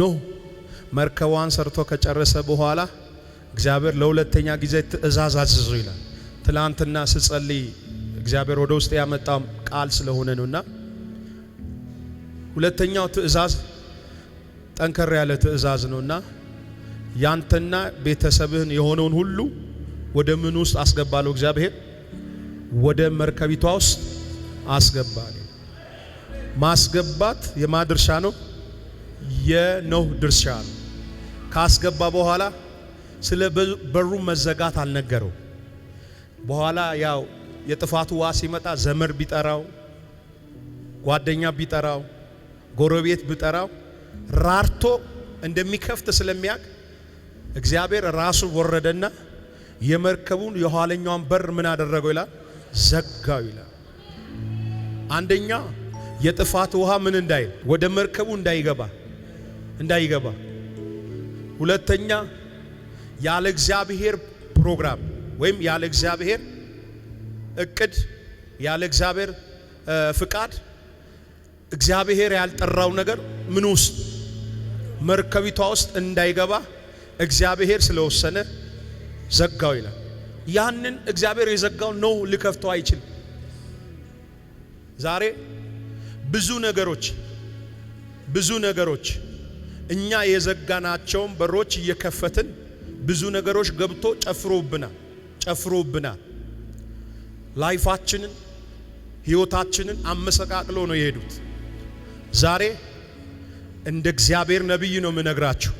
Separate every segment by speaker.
Speaker 1: ኖ መርከቧን ሰርቶ ከጨረሰ በኋላ እግዚአብሔር ለሁለተኛ ጊዜ ትእዛዝ አዝዞ ይላል። ትላንትና ስጸልይ እግዚአብሔር ወደ ውስጥ ያመጣው ቃል ስለሆነ ነውና ሁለተኛው ትእዛዝ ጠንከር ያለ ትእዛዝ ነውና ያንተና ቤተሰብህን የሆነውን ሁሉ ወደ ምን ውስጥ አስገባለሁ? እግዚአብሔር ወደ መርከቢቷ ውስጥ አስገባለሁ። ማስገባት የማድርሻ ነው። የኖህ ድርሻ ነው። ካስገባ በኋላ ስለ በሩ መዘጋት አልነገረው። በኋላ ያው የጥፋቱ ውሃ ሲመጣ ዘመድ ቢጠራው፣ ጓደኛ ቢጠራው፣ ጎረቤት ቢጠራው ራርቶ እንደሚከፍት ስለሚያውቅ እግዚአብሔር ራሱ ወረደና የመርከቡን የኋለኛውን በር ምን አደረገው ይላል ዘጋው ይላል። አንደኛ የጥፋት ውሃ ምን እንዳይል ወደ መርከቡ እንዳይገባ እንዳይገባ። ሁለተኛ ያለ እግዚአብሔር ፕሮግራም ወይም ያለ እግዚአብሔር እቅድ ያለ እግዚአብሔር ፍቃድ እግዚአብሔር ያልጠራው ነገር ምን ውስጥ መርከቢቷ ውስጥ እንዳይገባ እግዚአብሔር ስለወሰነ ዘጋው ይላል። ያንን እግዚአብሔር የዘጋው ነው ሊከፍተው አይችልም። ዛሬ ብዙ ነገሮች ብዙ ነገሮች እኛ የዘጋናቸውን በሮች እየከፈትን ብዙ ነገሮች ገብቶ ጨፍሮብናል ጨፍሮብናል። ላይፋችንን ህይወታችንን አመሰቃቅሎ ነው የሄዱት። ዛሬ እንደ እግዚአብሔር ነቢይ ነው የምነግራችሁ።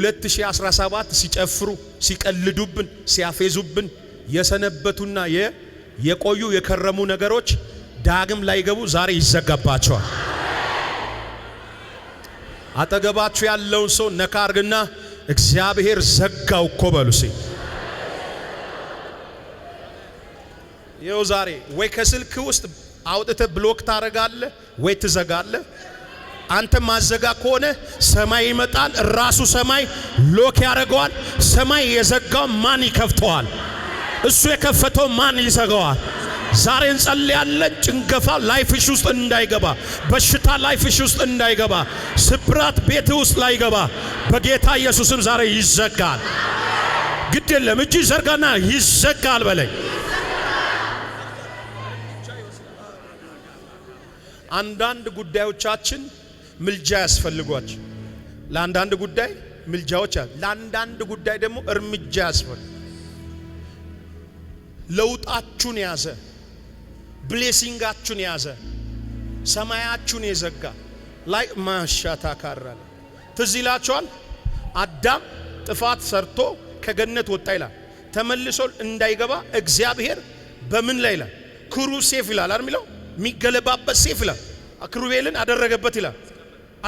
Speaker 1: 2017 ሲጨፍሩ ሲቀልዱብን ሲያፌዙብን የሰነበቱና የቆዩ የከረሙ ነገሮች ዳግም ላይገቡ ዛሬ ይዘጋባቸዋል። አጠገባችሁ ያለውን ሰው ነካ አርግና እግዚአብሔር ዘጋው እኮ በሉሲ። ይኸው ዛሬ ወይ ከስልክ ውስጥ አውጥተ ብሎክ ታረጋለ ወይ ትዘጋለ። አንተ ማዘጋ ከሆነ ሰማይ ይመጣል። ራሱ ሰማይ ሎክ ያደርገዋል። ሰማይ የዘጋው ማን ይከፍተዋል? እሱ የከፈተው ማን ይዘጋዋል? ዛሬ እንጸልያለን። ጭንገፋ ላይፍሽ ውስጥ እንዳይገባ፣ በሽታ ላይፍሽ ውስጥ እንዳይገባ፣ ስብራት ቤት ውስጥ ላይገባ በጌታ ኢየሱስም ዛሬ ይዘጋል። ግድ የለም እጅ ዘርጋና ይዘጋል በለኝ። አንዳንድ ጉዳዮቻችን ምልጃ ያስፈልጓቸው። ለአንዳንድ ጉዳይ ምልጃዎች አሉ። ለአንዳንድ ጉዳይ ደግሞ እርምጃ ያስፈልግ ለውጣችሁን ያዘ ብሌሲንጋችሁን የያዘ ሰማያችሁን የዘጋ ላይ ማሻታ ካራለ ትዝ ይላችኋል። አዳም ጥፋት ሰርቶ ከገነት ወጣ ይላል። ተመልሶ እንዳይገባ እግዚአብሔር በምን ላይ ይላል? ክሩ ሴፍ ይላል አይደል የሚለው የሚገለባበት ሴፍ ይላል። ክሩቤልን አደረገበት ይላል፣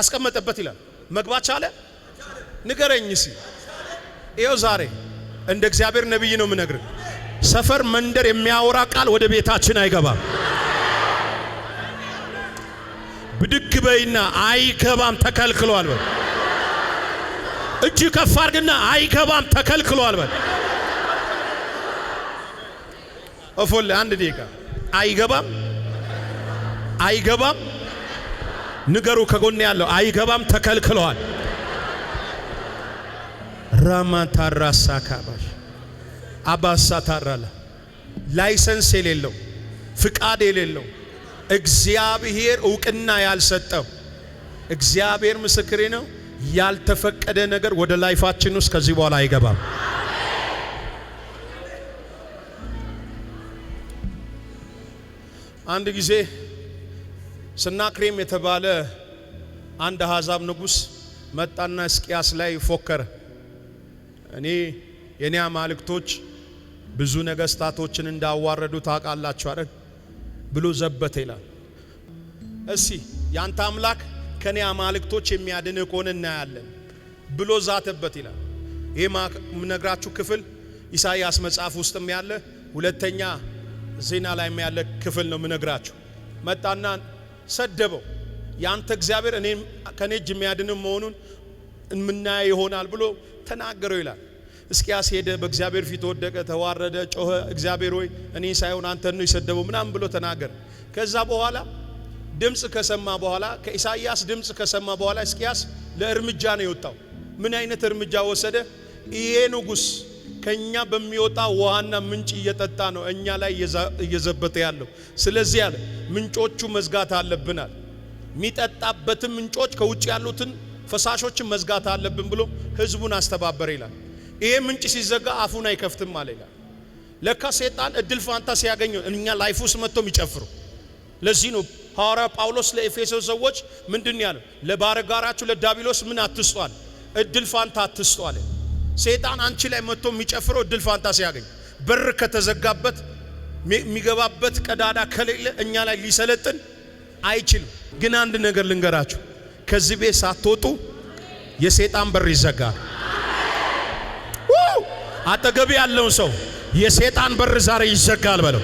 Speaker 1: አስቀመጠበት ይላል። መግባት ቻለ? ንገረኝ ሲ ይኸው ዛሬ እንደ እግዚአብሔር ነቢይ ነው የምነግርህ ሰፈር፣ መንደር የሚያወራ ቃል ወደ ቤታችን አይገባም። ብድግ በይና አይገባም፣ ተከልክሏል በል። እጅ ከፍ አድርግና አይገባም፣ ተከልክሏል በል። ኦፎል አንድ ደቂቃ አይገባም፣ አይገባም። ንገሩ ከጎን ያለው አይገባም፣ ተከልክሏል። ራማታራሳካባሽ አባሳ ታራለ ላይሰንስ የሌለው ፍቃድ የሌለው እግዚአብሔር እውቅና ያልሰጠው እግዚአብሔር ምስክሬ ነው። ያልተፈቀደ ነገር ወደ ላይፋችን ውስጥ ከዚህ በኋላ አይገባም። አንድ ጊዜ ስናክሬም የተባለ አንድ አሕዛብ ንጉሥ መጣና እስቅያስ ላይ ፎከረ። እኔ የኔ አማልክቶች ብዙ ነገስታቶችን እንዳዋረዱ ታውቃላችሁ አይደል? ብሎ ዘበተ ይላል። እሲ ያንተ አምላክ ከኔ አማልክቶች የሚያድን ከሆነ እናያለን ብሎ ዛተበት ይላል። ይህ ምነግራችሁ ክፍል ኢሳይያስ መጽሐፍ ውስጥም ያለ ሁለተኛ ዜና ላይም ያለ ክፍል ነው ምነግራችሁ። መጣና ሰደበው። ያንተ እግዚአብሔር እኔ ከኔ እጅ የሚያድንም መሆኑን የምናየው ይሆናል ብሎ ተናገረው ይላል። እስኪያስ ሄደ፣ በእግዚአብሔር ፊት ወደቀ፣ ተዋረደ፣ ጮኸ። እግዚአብሔር ሆይ እኔ ሳይሆን አንተን ነው የሰደበው ምናምን ብሎ ተናገረ ከዛ በኋላ ድምፅ ከሰማ በኋላ ከኢሳይያስ ድምፅ ከሰማ በኋላ እስኪያስ ለእርምጃ ነው የወጣው። ምን አይነት እርምጃ ወሰደ? ይሄ ንጉሥ ከኛ በሚወጣ ውሃና ምንጭ እየጠጣ ነው እኛ ላይ እየዘበተ ያለው። ስለዚህ አለ ምንጮቹ መዝጋት አለብናል። የሚጠጣበትም ምንጮች ከውጭ ያሉትን ፈሳሾችን መዝጋት አለብን ብሎ ህዝቡን አስተባበረ ይላል። ይሄ ምንጭ ሲዘጋ አፉን አይከፍትም አለ ይላል። ለካ ሴጣን እድል ፋንታ ሲያገኝ እኛ ላይፍ ውስጥ መጥቶ የሚጨፍሩ። ለዚህ ነው ሐዋርያ ጳውሎስ ለኤፌሶን ሰዎች ምንድን ያለው? ለባረጋራችሁ ለዳቢሎስ ምን አትስጧል? እድል ፋንታ አትስጧል። ሴጣን አንቺ ላይ መጥቶ የሚጨፍረው እድል ፋንታ ሲያገኝ፣ በር ከተዘጋበት የሚገባበት ቀዳዳ ከሌለ እኛ ላይ ሊሰለጥን አይችልም። ግን አንድ ነገር ልንገራችሁ፣ ከዚህ ቤት ሳትወጡ የሴጣን በር ይዘጋል። አጠገብ ያለውን ሰው የሰይጣን በር ዛሬ ይዘጋል በለው።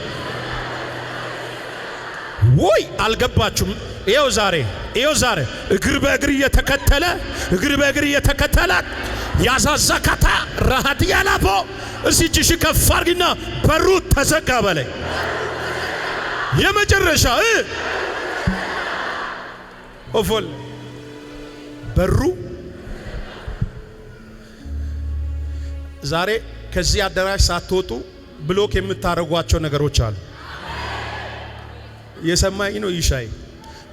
Speaker 1: ወይ አልገባችሁም? ይኸው ዛሬ ይኸው ዛሬ እግር በእግር እየተከተለ እግር በእግር እየተከተላት ያዛዛካታ ራሃት ያላፎ እስቲ እጅሽ ከፍ አድርጊና በሩ ተዘጋ በለኝ። የመጨረሻ እ ኦፎል በሩ ዛሬ ከዚህ አዳራሽ ሳትወጡ ብሎክ የምታደርጓቸው ነገሮች አሉ። የሰማኝ ነው ይሻይ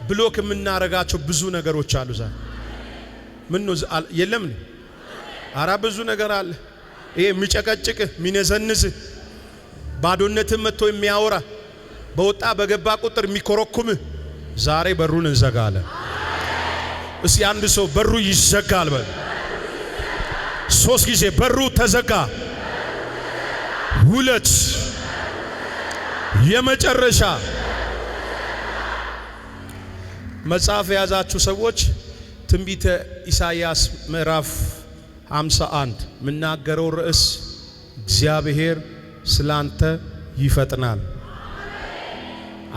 Speaker 1: ብሎክ የምናረጋቸው ብዙ ነገሮች አሉ። ዛሬ ምን ነው የለም አራ ብዙ ነገር አለ። ይሄ የሚጨቀጭቅ የሚነዘንዝ ባዶነትን መጥቶ የሚያወራ በወጣ በገባ ቁጥር የሚኮረኩም ዛሬ በሩን እንዘጋለን። እስቲ አንድ ሰው በሩ ይዘጋል በል ሶስት ጊዜ በሩ ተዘጋ። ሁለት የመጨረሻ መጽሐፍ የያዛችሁ ሰዎች ትንቢተ ኢሳይያስ ምዕራፍ 51 የምናገረው ርዕስ እግዚአብሔር ስላንተ ይፈጥናል።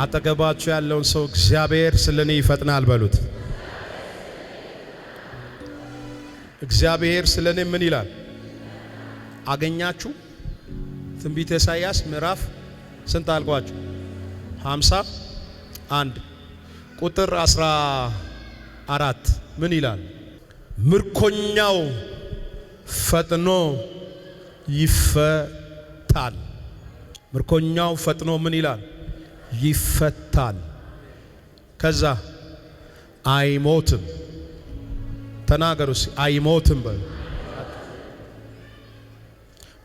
Speaker 1: አጠገባችሁ ያለውን ሰው እግዚአብሔር ስለኔ ይፈጥናል በሉት። እግዚአብሔር ስለ እኔ ምን ይላል? አገኛችሁ። ትንቢተ ኢሳይያስ ምዕራፍ ስንት አልኳችሁ? 50 አንድ ቁጥር 14 ምን ይላል? ምርኮኛው ፈጥኖ ይፈታል። ምርኮኛው ፈጥኖ ምን ይላል? ይፈታል። ከዛ አይሞትም። ተናገሩ። አይሞትም በሉ።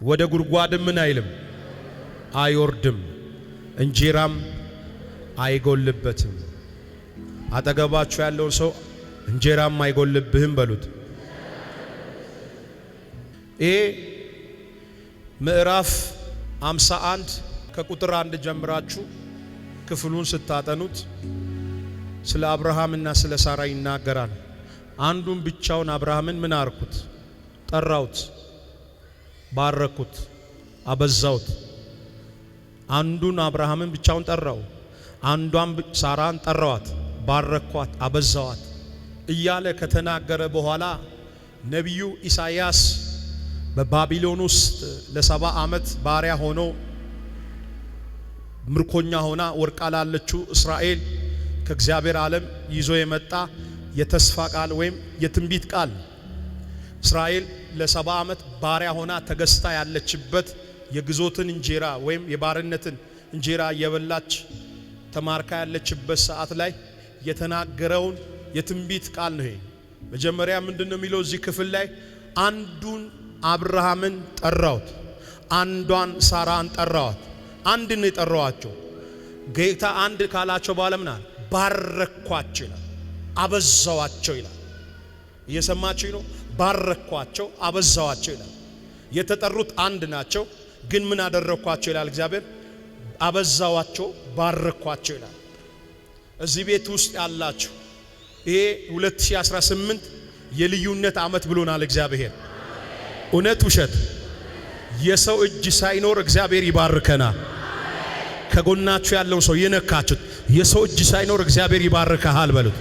Speaker 1: ወደ ጉድጓድም ምን አይልም አይወርድም፣ እንጀራም አይጎልበትም። አጠገባችሁ ያለውን ሰው እንጀራም አይጎልብህም በሉት። ይሄ ምዕራፍ 51 ከቁጥር አንድ ጀምራችሁ ክፍሉን ስታጠኑት ስለ አብርሃምና ስለ ሳራ ይናገራል። አንዱን ብቻውን አብርሃምን ምን አርኩት? ጠራሁት፣ ባረኩት፣ አበዛሁት። አንዱን አብርሃምን ብቻውን ጠራው፣ አንዷን ሳራን ጠራዋት፣ ባረኳት፣ አበዛዋት እያለ ከተናገረ በኋላ ነቢዩ ኢሳይያስ በባቢሎን ውስጥ ለሰባ ዓመት ባሪያ ሆኖ ምርኮኛ ሆና ወርቃ ላለችው እስራኤል ከእግዚአብሔር ዓለም ይዞ የመጣ የተስፋ ቃል ወይም የትንቢት ቃል እስራኤል ለሰባ ዓመት ባሪያ ሆና ተገዝታ ያለችበት የግዞትን እንጀራ ወይም የባርነትን እንጀራ የበላች ተማርካ ያለችበት ሰዓት ላይ የተናገረውን የትንቢት ቃል ነው። መጀመሪያ ምንድን ነው የሚለው እዚህ ክፍል ላይ አንዱን አብርሃምን ጠራሁት፣ አንዷን ሳራን ጠራዋት። አንድ የጠራዋቸው ጌታ አንድ ካላቸው በኋላ ምናል ባረኳቸው ይላል አበዛዋቸው ይላል። እየሰማችሁ ነው። ባረኳቸው፣ አበዛዋቸው ይላል። የተጠሩት አንድ ናቸው፣ ግን ምን አደረኳቸው ይላል እግዚአብሔር። አበዛዋቸው፣ ባረኳቸው ይላል። እዚህ ቤት ውስጥ ያላችሁ ይሄ 2018 የልዩነት ዓመት ብሎናል እግዚአብሔር። እውነት ውሸት የሰው እጅ ሳይኖር እግዚአብሔር ይባርከናል። ከጎናችሁ ያለው ሰው የነካችሁት የሰው እጅ ሳይኖር እግዚአብሔር ይባርከሃል በሉት።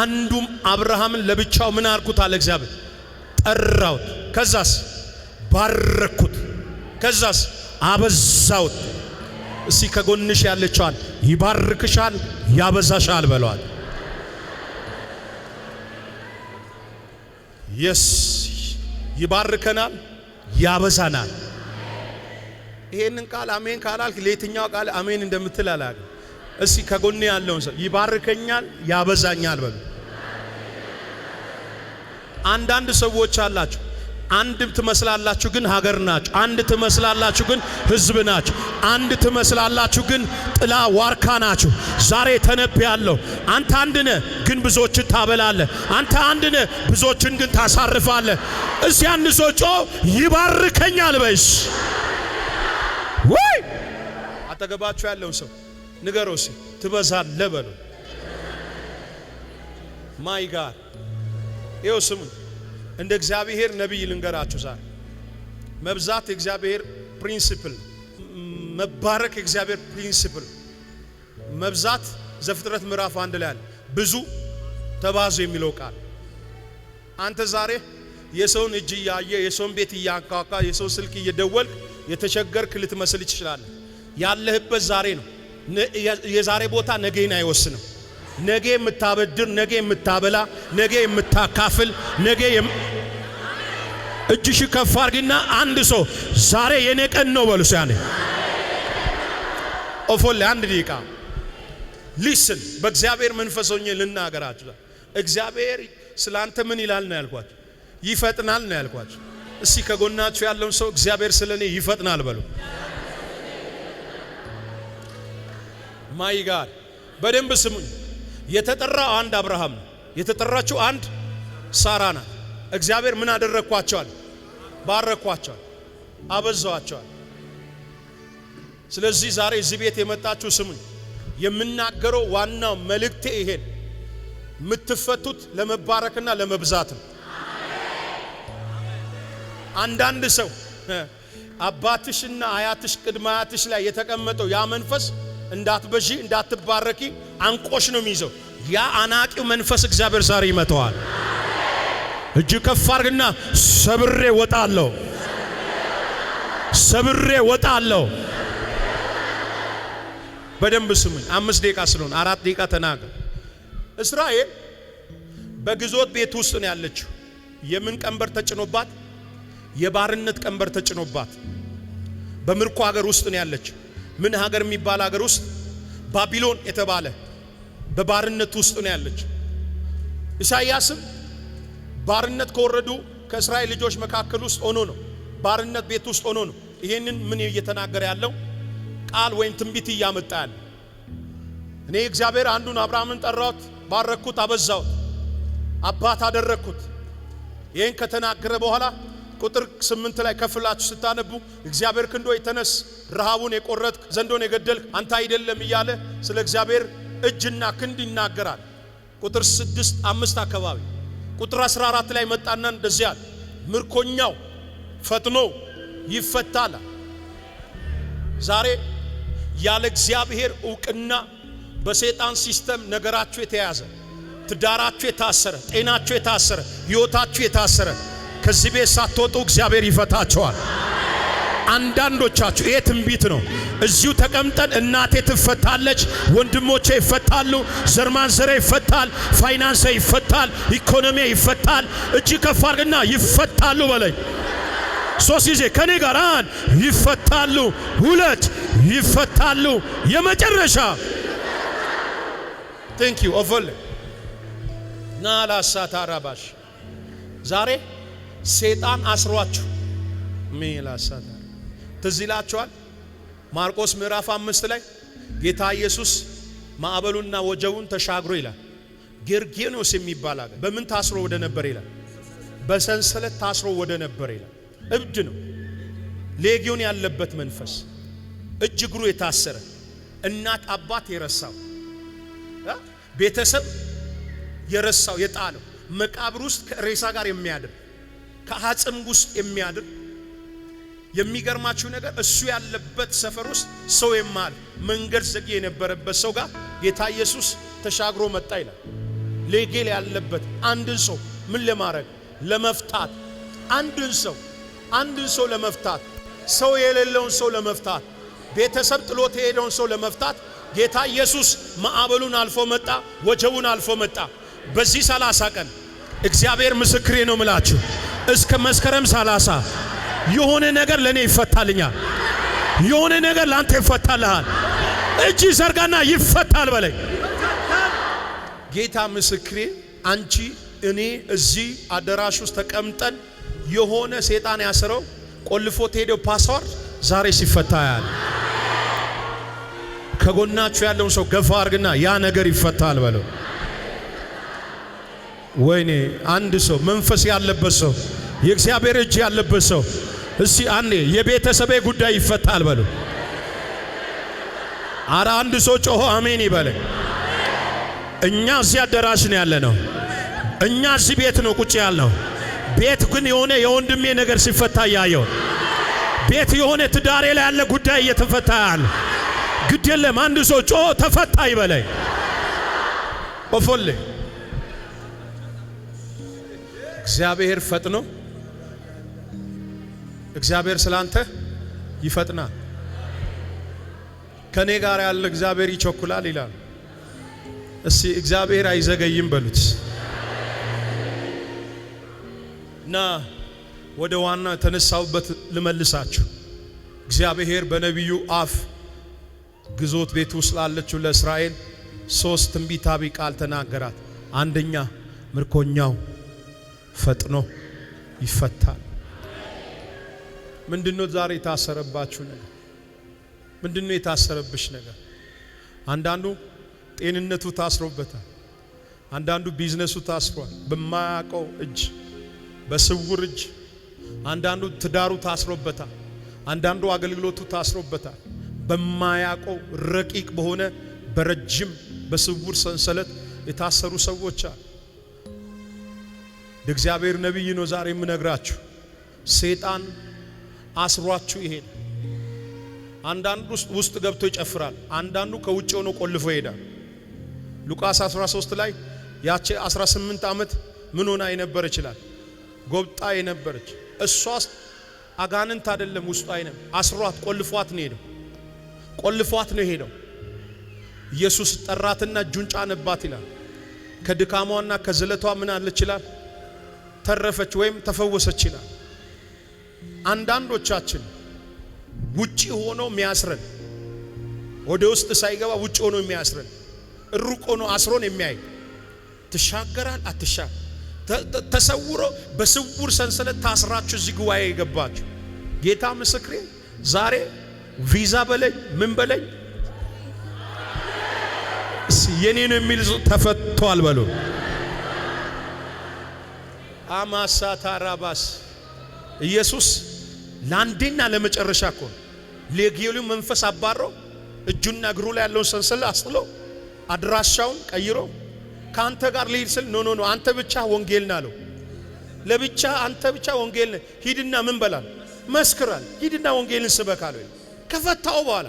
Speaker 1: አንዱም አብርሃምን ለብቻው ምን አርኩት አለ እግዚአብሔር ጠራሁት። ከዛስ ባረኩት። ከዛስ አበዛሁት። እስቲ ከጎንሽ ያለችዋል ይባርክሻል፣ ያበዛሻል በለዋል። የስ ይባርከናል፣ ያበዛናል። ይሄንን ቃል አሜን ካላልክ ለየትኛው ቃል አሜን እንደምትል አላውቅም። እስቲ ከጎኔ ያለውን ሰው ይባርከኛል፣ ያበዛኛል በሉ። አንዳንድ ሰዎች አላችሁ አንድ ትመስላላችሁ ግን ሀገር ናችሁ። አንድ ትመስላላችሁ ግን ህዝብ ናችሁ። አንድ ትመስላላችሁ ግን ጥላ ዋርካ ናችሁ። ዛሬ ተነብያለሁ። አንተ አንድ ነህ ግን ብዙዎችን ታበላለህ። አንተ አንድ ነህ ብዙዎችን ግን ታሳርፋለህ። እስቲ አንድ ሰው ጮ ይባርከኛል በይስ ወይ አጠገባችሁ ያለውን ሰው ንገረው እስኪ ትበዛለህ ማይ ጋር ይኸው ስሙን እንደ እግዚአብሔር ነቢይ ልንገራችሁ ዛሬ መብዛት የእግዚአብሔር ፕሪንሲፕል፣ መባረክ የእግዚአብሔር ፕሪንሲፕል። መብዛት ዘፍጥረት ምዕራፍ አንድ ላይ አለ። ብዙ ተባዙ የሚለው ቃል አንተ ዛሬ የሰውን እጅ እያየ የሰውን ቤት እያንኳኳ የሰው ስልክ እየደወልክ የተቸገርክ ልትመስል ትችላለህ። ያለህበት ዛሬ ነው። የዛሬ ቦታ ነገን አይወስንም። ነገ የምታበድር፣ ነገ የምታበላ፣ ነገ የምታካፍል፣ ነገ እጅሽ ከፍ አርግና አንድ ሰው ዛሬ የኔ ቀን ነው በሉ። ያኔ ኦፎል አንድ ደቂቃ ሊስን በእግዚአብሔር መንፈስ ሆኜ ልናገራችሁ። እግዚአብሔር ስላንተ ምን ይላል ነው ያልኳችሁ? ይፈጥናል ነው ያልኳችሁ። እስቲ ከጎናችሁ ያለውን ሰው እግዚአብሔር ስለኔ ይፈጥናል በሉ። ማይ ጋድ በደንብ ስሙኝ። የተጠራ አንድ አብርሃም ነው። የተጠራችው አንድ ሳራ ናት። እግዚአብሔር ምን አደረግኳቸዋል? ባረኳቸዋል፣ አበዛዋቸዋል። ስለዚህ ዛሬ እዚህ ቤት የመጣችሁ ስሙኝ። የምናገረው ዋናው መልእክቴ ይሄን የምትፈቱት ለመባረክና ለመብዛት ነው። አንዳንድ ሰው አባትሽና አያትሽ ቅድመ አያትሽ ላይ የተቀመጠው ያ መንፈስ እንዳትበዢ፣ እንዳትባረኪ አንቆሽ ነው የሚይዘው። ያ አናቂው መንፈስ እግዚአብሔር ዛሬ ይመተዋል። እጅ ከፍ አርግና ሰብሬ ወጣለሁ፣ ሰብሬ ወጣለሁ። በደንብ ስሙኝ። አምስት ደቂቃ ስለሆነ አራት ደቂቃ ተናገር። እስራኤል በግዞት ቤት ውስጥ ነው ያለችው። የምን ቀንበር ተጭኖባት? የባርነት ቀንበር ተጭኖባት በምርኮ ሀገር ውስጥ ነው ያለችው። ምን ሀገር የሚባል ሀገር ውስጥ ባቢሎን የተባለ በባርነት ውስጥ ነው ያለች። ኢሳይያስም ባርነት ከወረዱ ከእስራኤል ልጆች መካከል ውስጥ ሆኖ ነው ባርነት ቤት ውስጥ ሆኖ ነው ይሄንን ምን እየተናገረ ያለው ቃል ወይም ትንቢት እያመጣ ያለ። እኔ እግዚአብሔር አንዱን አብርሃምን ጠራሁት፣ ባረኩት፣ አበዛሁት፣ አባት አደረግኩት። ይህን ከተናገረ በኋላ ቁጥር ስምንት ላይ ከፍላችሁ ስታነቡ እግዚአብሔር ክንዶ የተነስ ረሃቡን የቆረጥክ ዘንዶን የገደልክ አንተ አይደለም እያለ ስለ እግዚአብሔር እጅና ክንድ ይናገራል። ቁጥር ስድስት አምስት አካባቢ ቁጥር 14 ላይ መጣና እንደዚህ አለ ምርኮኛው ፈጥኖ ይፈታል። ዛሬ ያለ እግዚአብሔር እውቅና በሰይጣን ሲስተም ነገራችሁ የተያዘ፣ ትዳራችሁ የታሰረ፣ ጤናችሁ የታሰረ፣ ሕይወታችሁ የታሰረ ከዚህ ቤት ሳትወጡ እግዚአብሔር ይፈታቸዋል። አንዳንዶቻችሁ ይሄ ትንቢት ነው። እዚሁ ተቀምጠን እናቴ ትፈታለች፣ ወንድሞቼ ይፈታሉ፣ ዘርማን ዘሬ ይፈታል፣ ፋይናንስ ይፈታል፣ ኢኮኖሚ ይፈታል። እጅ ከፍ አድርግና ይፈታሉ በለኝ ሶስት ጊዜ ከኔ ጋር አንድ ይፈታሉ፣ ሁለት ይፈታሉ፣ የመጨረሻ ቴንክ ዩ ኦቨል ናላሳታራባሽ ዛሬ ሴጣን አስሯችሁ ሚላ ትዝ ይላችኋል። ማርቆስ ምዕራፍ አምስት ላይ ጌታ ኢየሱስ ማዕበሉና ወጀቡን ተሻግሮ ይላል። ጌርጌኖስ የሚባል አገር በምን ታስሮ ወደ ነበር ይላል። በሰንሰለት ታስሮ ወደ ነበር ይላል። እብድ ነው። ሌጊዮን ያለበት መንፈስ እጅ እግሩ የታሰረ እናት አባት የረሳው ቤተሰብ የረሳው የጣለው መቃብር ውስጥ ከሬሳ ጋር የሚያድር ከአጽም ውስጥ የሚያድር የሚገርማችሁ ነገር እሱ ያለበት ሰፈር ውስጥ ሰው የማል መንገድ ዘጌ የነበረበት ሰው ጋር ጌታ ኢየሱስ ተሻግሮ መጣ ይላል። ሌጌል ያለበት አንድን ሰው ምን ለማድረግ ለመፍታት፣ አንድን ሰው አንድን ሰው ለመፍታት፣ ሰው የሌለውን ሰው ለመፍታት፣ ቤተሰብ ጥሎት የሄደውን ሰው ለመፍታት ጌታ ኢየሱስ ማዕበሉን አልፎ መጣ፣ ወጀቡን አልፎ መጣ። በዚህ ሰላሳ ቀን እግዚአብሔር ምስክሬ ነው ምላችሁ እስከ መስከረም 30 የሆነ ነገር ለእኔ ይፈታልኛል። የሆነ ነገር ለአንተ ይፈታልሃል። እጅ ዘርጋና ይፈታል በለኝ። ጌታ ምስክሬ፣ አንቺ እኔ እዚህ አዳራሽ ውስጥ ተቀምጠን የሆነ ሴጣን ያስረው ቆልፎ ሄደው ፓስዋርድ ዛሬ ሲፈታ ያለ ከጎናችሁ ያለውን ሰው ገፋ አድርግና ያ ነገር ይፈታል በለው። ወይኔ አንድ ሰው መንፈስ ያለበት ሰው የእግዚአብሔር እጅ ያለበት ሰው እስቲ አንዴ የቤተሰቤ ጉዳይ ይፈታል በሉ። አረ አንድ ሰው ጮሆ አሜን ይበለ። እኛ እዚህ አዳራሽ ነው ያለ ነው። እኛ እዚህ ቤት ነው ቁጭ ያልነው። ቤት ግን የሆነ የወንድሜ ነገር ሲፈታ እያየው፣ ቤት የሆነ ትዳሬ ላይ ያለ ጉዳይ እየተፈታ ያለ ግድ የለም። አንድ ሰው ጮሆ ተፈታ ይበለኝ ኦፎሌ እግዚአብሔር ፈጥኖ እግዚአብሔር ስላንተ ይፈጥናል። ከኔ ጋር ያለ እግዚአብሔር ይቸኩላል ይላል። እስቲ እግዚአብሔር አይዘገይም በሉት እና ወደ ዋና ተነሳውበት ልመልሳችሁ። እግዚአብሔር በነቢዩ አፍ ግዞት ቤት ውስጥ ላለችው ለእስራኤል ሶስት ትንቢታዊ ቃል ተናገራት። አንደኛ ምርኮኛው ፈጥኖ ይፈታል። ምንድነው ዛሬ የታሰረባችሁ ነገር? ምንድነው የታሰረብሽ ነገር? አንዳንዱ ጤንነቱ ታስሮበታል። አንዳንዱ ቢዝነሱ ታስሯል፣ በማያውቀው እጅ፣ በስውር እጅ። አንዳንዱ ትዳሩ ታስሮበታል። አንዳንዱ አገልግሎቱ ታስሮበታል፣ በማያውቀው ረቂቅ በሆነ በረጅም በስውር ሰንሰለት የታሰሩ ሰዎች አሉ። እግዚአብሔር ነቢይ ነው። ዛሬ የምነግራችሁ ሰይጣን አስሯችሁ ይሄድ። አንዳንዱ ውስጥ ገብቶ ይጨፍራል፣ አንዳንዱ ከውጭ ሆኖ ቆልፎ ይሄዳል። ሉቃስ 13 ላይ ያቺ 18 ዓመት ምን ሆና የነበረች ይችላል? ጎብጣ የነበረች እሷስ አጋንንት አይደለም ውስጧ አይነም አስሯት ቆልፏት ነው ሄደው ቆልፏት ነው ሄደው። ኢየሱስ ጠራትና እጁን ጫነባት ይላል። ከድካሟና ከዝለቷ ምን አለ ይችላል? ተረፈች ወይም ተፈወሰች ይላል። አንዳንዶቻችን ውጪ ሆኖ የሚያስረን ወደ ውስጥ ሳይገባ ውጪ ሆኖ የሚያስረን ሩቅ ሆኖ አስሮን የሚያይ ትሻገራል አትሻ ተሰውሮ በስውር ሰንሰለት ታስራችሁ እዚህ ጉባኤ የገባችሁ ጌታ ምስክሬ ዛሬ ቪዛ በለኝ ምን በለኝ የኔን የሚል ተፈቷል በሉ። አማሳታራባስ ኢየሱስ ለአንዴና ለመጨረሻ እኮ ሌጌሊው መንፈስ አባሮ እጁና እግሩ ላይ ያለውን ሰንሰል አስጥሎ አድራሻውን ቀይሮ ከአንተ ጋር ልሂድ ስል ኖ ኖ ኖ አንተ ብቻ ወንጌል ና አለው። ለብቻ አንተ ብቻ ወንጌል ነህ፣ ሂድና ምን በላል መስክራል፣ ሂድና ወንጌልን ስበካል። ከፈታው በኋላ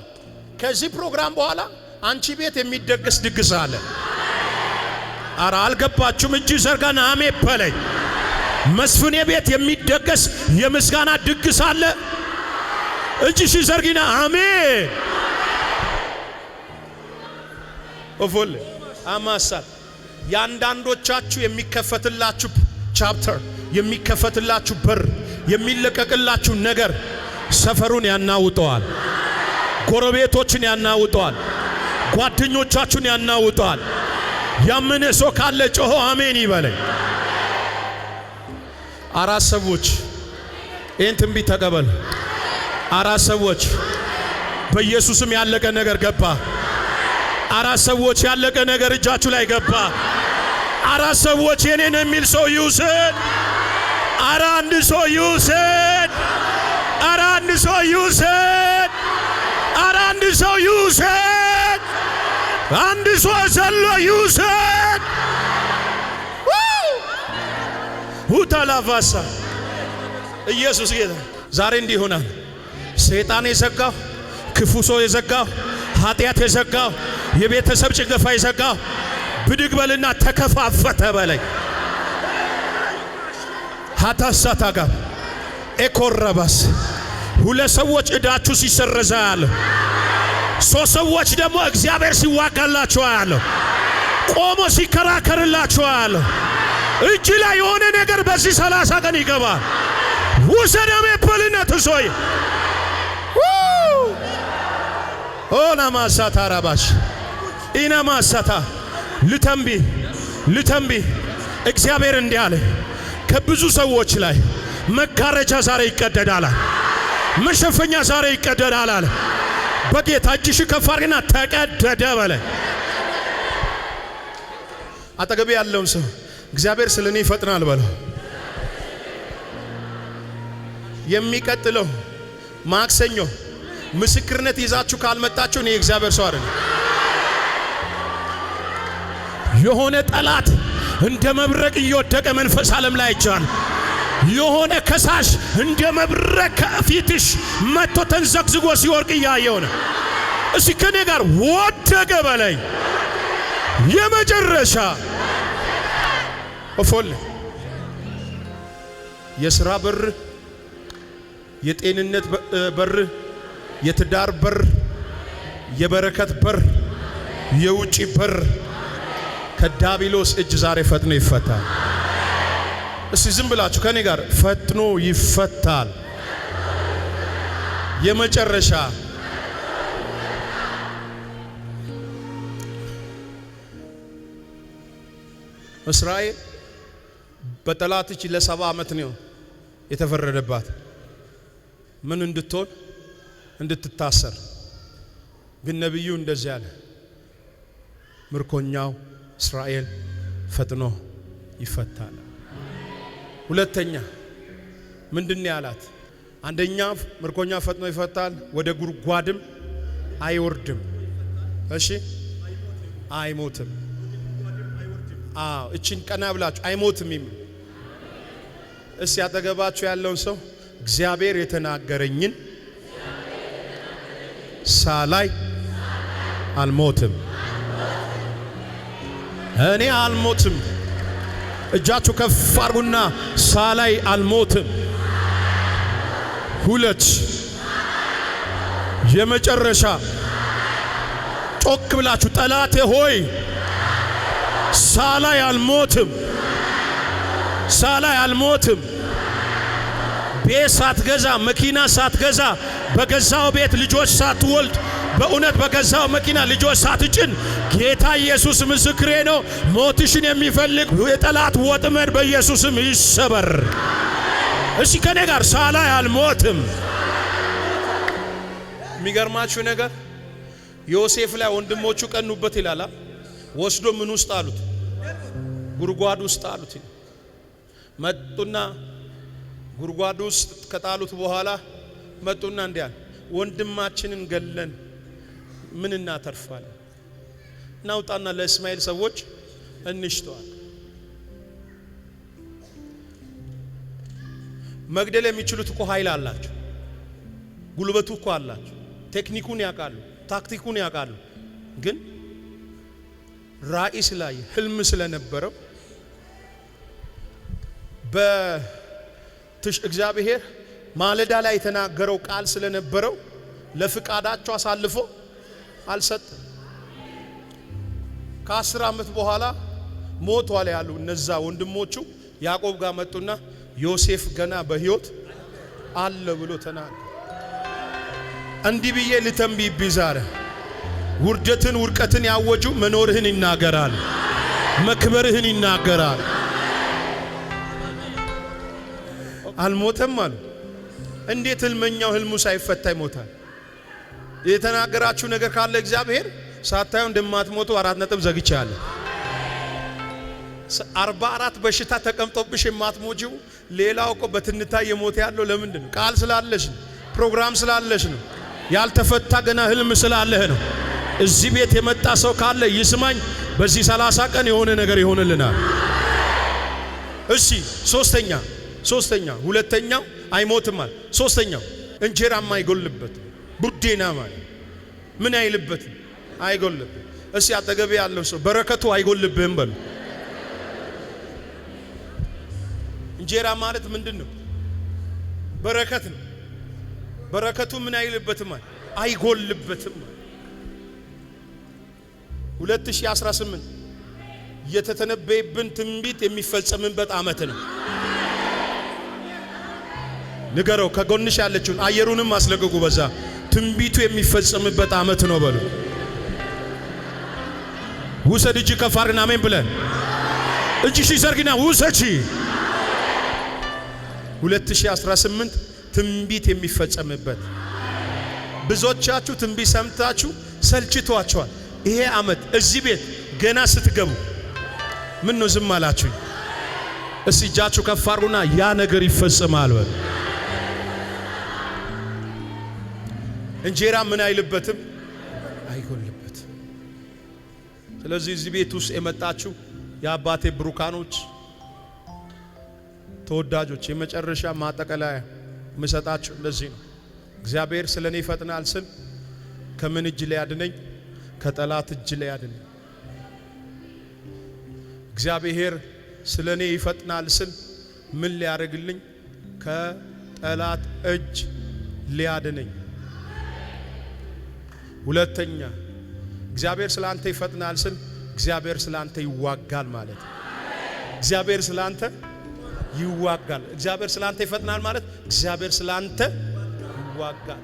Speaker 1: ከዚህ ፕሮግራም በኋላ አንቺ ቤት የሚደግስ ድግስ አለ። አረ አልገባችሁም? እጅ ዘርጋና አሜ በለኝ። መስፍኔ ቤት የሚደገስ የምስጋና ድግስ አለ። እጅ ሲዘርጊና አሜን ኦፎል አማሳል የአንዳንዶቻችሁ የሚከፈትላችሁ ቻፕተር የሚከፈትላችሁ በር የሚለቀቅላችሁ ነገር ሰፈሩን ያናውጠዋል። ጎረቤቶችን ያናውጠዋል። ጓደኞቻችሁን ያናውጠዋል። ያምን ሰው ካለ ጮሆ አሜን ይበለኝ። አራት ሰዎች ይህን ትንቢት ተቀበሉ። አራት ሰዎች በኢየሱስም ያለቀ ነገር ገባ። አራት ሰዎች ያለቀ ነገር እጃችሁ ላይ ገባ። አራት ሰዎች የኔን የሚል ሰው ይውሰድ። አረ አንድ ሰው ይውሰድ። አረ አንድ ሰው ይውሰድ። አረ አንድ ሰው ይውሰድ። አንድ ሰው ዘሎ ይውሰድ። ሁታላቫሳ ኢየሱስ ጌታ ዛሬ እንዲህ ይሆናል። ሰይጣን የዘጋው ክፉ ሰው የዘጋው ኃጢአት የዘጋው የቤተሰብ ጭገፋ የዘጋው ብድግ በልና ተከፋፈተ በላይ ሀታሳታ ጋር ኤኮረባስ ሁለት ሰዎች እዳችሁ ሲሰረዛ ያለ ሶስት ሰዎች ደግሞ እግዚአብሔር ሲዋጋላችሁ ያለ ቆሞ ሲከራከርላችሁ ያለ እጅ ላይ የሆነ ነገር በዚህ ሰላሳ ቀን ይገባል። ውሰደሜ የፖልነት ሶይ ኦናማሳታ ራባሽ ኢናማሳታ ልተንቢ ልተንቢ እግዚአብሔር እንዲህ አለ ከብዙ ሰዎች ላይ መጋረጃ ዛሬ ይቀደዳል፣ መሸፈኛ ዛሬ ይቀደዳል አለ። በጌታ እጅሽ ከፍ ተቀደደ በለ። አጠገቤ ያለውን ሰው እግዚአብሔር ስለ እኔ ይፈጥናል በለው። የሚቀጥለው ማክሰኞ ምስክርነት ይዛችሁ ካልመጣችሁ እኔ እግዚአብሔር ሰው አይደለም። የሆነ ጠላት እንደ መብረቅ እየወደቀ መንፈስ ዓለም ላይ ይቻል የሆነ ከሳሽ እንደ መብረቅ ከፊትሽ መጥቶ ተንዘግዝጎ ሲወርቅ እያየው ነው። እስኪ ከኔ ጋር ወደቀ በላይ የመጨረሻ እፎል የስራ በር፣ የጤንነት በር፣ የትዳር በር፣ የበረከት በር፣ የውጪ በር ከዳቢሎስ እጅ ዛሬ ፈጥኖ ይፈታል። እስቲ ዝም ብላችሁ ከኔ ጋር ፈጥኖ ይፈታል። የመጨረሻ እስራኤል በጠላትች ለሰባ ዓመት ነው የተፈረደባት። ምን እንድትሆን እንድትታሰር። ግን ነቢዩ እንደዚህ አለ፣ ምርኮኛው እስራኤል ፈጥኖ ይፈታል። ሁለተኛ ምንድን ያላት? አንደኛ ምርኮኛ ፈጥኖ ይፈታል፣ ወደ ጉድጓድም አይወርድም። እሺ አይሞትም። አዎ እቺን ቀና ብላችሁ አይሞትም ይም እስ ያጠገባችሁ ያለውን ሰው እግዚአብሔር የተናገረኝን ሳላይ አልሞትም፣ እኔ አልሞትም። እጃችሁ ከፍ አርጉና ሳላይ አልሞትም። ሁለት የመጨረሻ ጮክ ብላችሁ ጠላቴ ሆይ ሳላይ አልሞትም፣ ሳላይ አልሞትም። ቤት ሳትገዛ መኪና ሳትገዛ በገዛው ቤት ልጆች ሳትወልድ በእውነት በገዛው መኪና ልጆች ሳትጭን ጌታ ኢየሱስ ምስክሬ ነው። ሞትሽን የሚፈልግ የጠላት ወጥመድ በኢየሱስም ይሰበር። እሺ ከኔ ጋር ሳላይ አልሞትም። የሚገርማችሁ ነገር ዮሴፍ ላይ ወንድሞቹ ቀኑበት ይላል። ወስዶ ምን ውስጥ አሉት፣ ጉድጓድ ውስጥ አሉት። መጡና ጉድጓድ ውስጥ ከጣሉት በኋላ መጡና እንዲያል ወንድማችንን ገለን ምን እናተርፋለን? እናውጣና ለእስማኤል ሰዎች እንሽጠዋል። መግደል የሚችሉት እኮ ኃይል አላቸው፣ ጉልበቱ እኮ አላቸው፣ ቴክኒኩን ያውቃሉ፣ ታክቲኩን ያውቃሉ ግን ራእይ ላይ ህልም ስለነበረው በትሽ እግዚአብሔር ማለዳ ላይ የተናገረው ቃል ስለነበረው ለፍቃዳቸው አሳልፎ አልሰጥም። ከአስር ዓመት በኋላ ሞቷል ያሉ እነዛ ወንድሞቹ ያዕቆብ ጋር መጡና ዮሴፍ ገና በህይወት አለ ብሎ ተናገረ። እንዲህ ብዬ ልተንብይብህ ዛሬ ውርደትን ውርቀትን ያወጁ መኖርህን ይናገራል። መክበርህን ይናገራል። አልሞተም አሉ። እንዴት ህልመኛው ህልሙ ሳይፈታ ይሞታል? የተናገራችሁ ነገር ካለ እግዚአብሔር ሳታዩ እንደማትሞቱ አራት ነጥብ ዘግቻለሁ። አርባ አራት በሽታ ተቀምጦብሽ የማትሞጂው ሌላው እኮ በትንታ የሞተ ያለው ለምንድን ነው? ቃል ስላለሽ ነው። ፕሮግራም ስላለሽ ነው። ያልተፈታ ገና ህልም ስላለህ ነው። እዚህ ቤት የመጣ ሰው ካለ ይስማኝ። በዚህ ሰላሳ ቀን የሆነ ነገር ይሆንልናል። እሺ፣ ሶስተኛ ሶስተኛ ሁለተኛው አይሞትም አለ። ሶስተኛው እንጀራ ማይጎልበት ቡዴና ማለ ምን አይልበትም፣ አይጎልብም። እሺ፣ አጠገቤ ያለው ሰው በረከቱ አይጎልብህም በሉ። እንጀራ ማለት ምንድን ነው? በረከት ነው። በረከቱ ምን አይልበትም፣ አይጎልበትም 2018 የተተነበየብን ትንቢት የሚፈጸምበት ዓመት ነው። ንገረው ከጎንሽ ያለችውን አየሩንም አስለቅቁ። በዛ ትንቢቱ የሚፈጸምበት ዓመት ነው በሉ። ውሰድ እጅ ከፋርና አሜን ብለን እጅሽ ዘርግና ውሰጂ። 2018 ትንቢት የሚፈጸምበት ብዙዎቻችሁ ትንቢት ሰምታችሁ ሰልችቷቸዋል። ይሄ ዓመት እዚህ ቤት ገና ስትገቡ ምን ነው ዝም አላችሁኝ? እስቲ እጃችሁ ከፍ አድርጉና ያ ነገር ይፈጸማል በል። እንጀራ ምን አይልበትም አይጎልበትም። ስለዚህ እዚህ ቤት ውስጥ የመጣችሁ የአባቴ ብሩካኖች ተወዳጆች፣ የመጨረሻ ማጠቀለያ የምሰጣችሁ እንደዚህ ነው። እግዚአብሔር ስለ እኔ ይፈጥናል ስል ከምን እጅ ላይ አድነኝ ከጠላት እጅ ላይ አይደለም። እግዚአብሔር ስለ እኔ ይፈጥናል ስል ምን ሊያደርግልኝ? ከጠላት እጅ ሊያድነኝ። ሁለተኛ እግዚአብሔር ስለ አንተ ይፈጥናል ስል እግዚአብሔር ስለ አንተ ይዋጋል ማለት ነው። እግዚአብሔር ስለ አንተ ይዋጋል። እግዚአብሔር ስለ አንተ ይፈጥናል ማለት እግዚአብሔር ስለ አንተ ይዋጋል።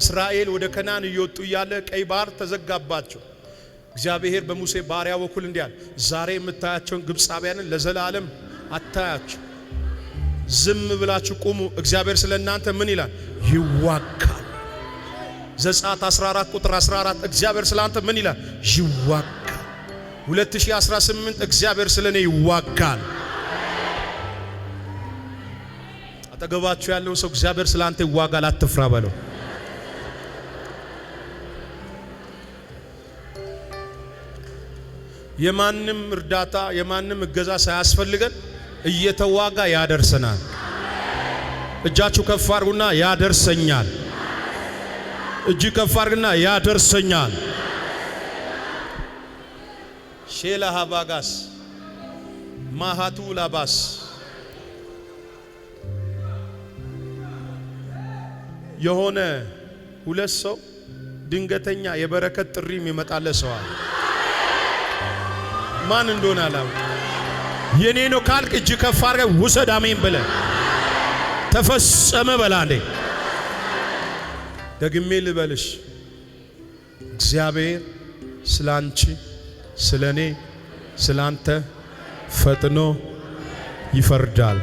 Speaker 1: እስራኤል ወደ ከናን እየወጡ እያለ ቀይ ባህር ተዘጋባቸው። እግዚአብሔር በሙሴ ባሪያ በኩል እንዲህ ዛሬ የምታያቸውን ግብፃውያንን ለዘላለም አታያቸው። ዝም ብላችሁ ቁሙ። እግዚአብሔር ስለ እናንተ ምን ይላል? ይዋጋል። ዘጸአት 14 ቁጥር 14 እግዚአብሔር ስለ አንተ ምን ይላል? ይዋጋል። 2018 እግዚአብሔር ስለ እኔ ይዋጋል። አጠገባችሁ ያለውን ሰው እግዚአብሔር ስለ አንተ ይዋጋል፣ አትፍራ በለው። የማንም እርዳታ የማንም እገዛ ሳያስፈልገን እየተዋጋ ያደርሰናል። እጃችሁ ከፍ አርጉና ያደርሰኛል። እጅ ከፍ አርግና ያደርሰኛል። ሼላ ሃባጋስ ማሃቱ ላባስ የሆነ ሁለት ሰው ድንገተኛ የበረከት ጥሪ የሚመጣለ ሰዋል ማን እንደሆነ አላውቅ። የኔ ነው ካልክ እጅ ከፍ አድርገህ ውሰድ አሜን ብለህ ተፈጸመ በላ እንዴ ደግሜ ልበልሽ እግዚአብሔር ስለ አንቺ፣ ስለ እኔ፣ ስለ አንተ ፈጥኖ ይፈርዳል።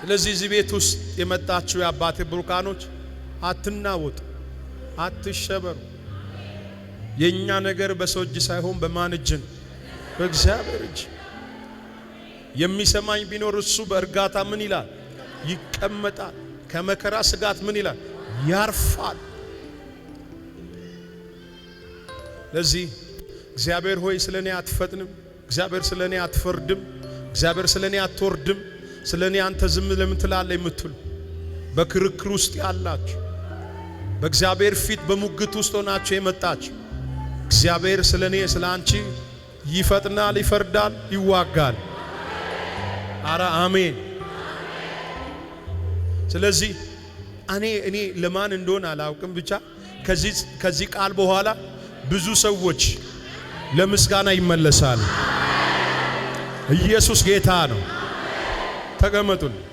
Speaker 1: ስለዚህ እዚህ ቤት ውስጥ የመጣችሁ የአባቴ ብሩካኖች አትናወጡ፣ አትሸበሩ። የእኛ ነገር በሰው እጅ ሳይሆን በማን እጅ ነው? በእግዚአብሔር እጅ። የሚሰማኝ ቢኖር እሱ በእርጋታ ምን ይላል? ይቀመጣል። ከመከራ ስጋት ምን ይላል? ያርፋል። ለዚህ እግዚአብሔር ሆይ ስለ እኔ አትፈጥንም። እግዚአብሔር ስለ እኔ አትፈርድም። እግዚአብሔር ስለ እኔ አትወርድም። ስለ እኔ አንተ ዝም ለምን ትላለህ የምትሉ በክርክር ውስጥ ያላችሁ፣ በእግዚአብሔር ፊት በሙግት ውስጥ ሆናችሁ የመጣችሁ እግዚአብሔር ስለ እኔ ስለ አንቺ ይፈጥናል፣ ይፈርዳል፣ ይዋጋል። አረ አሜን። ስለዚህ እኔ እኔ ለማን እንደሆነ አላውቅም፣ ብቻ ከዚህ ከዚህ ቃል በኋላ ብዙ ሰዎች ለምስጋና ይመለሳሉ። ኢየሱስ ጌታ ነው። ተቀመጡን።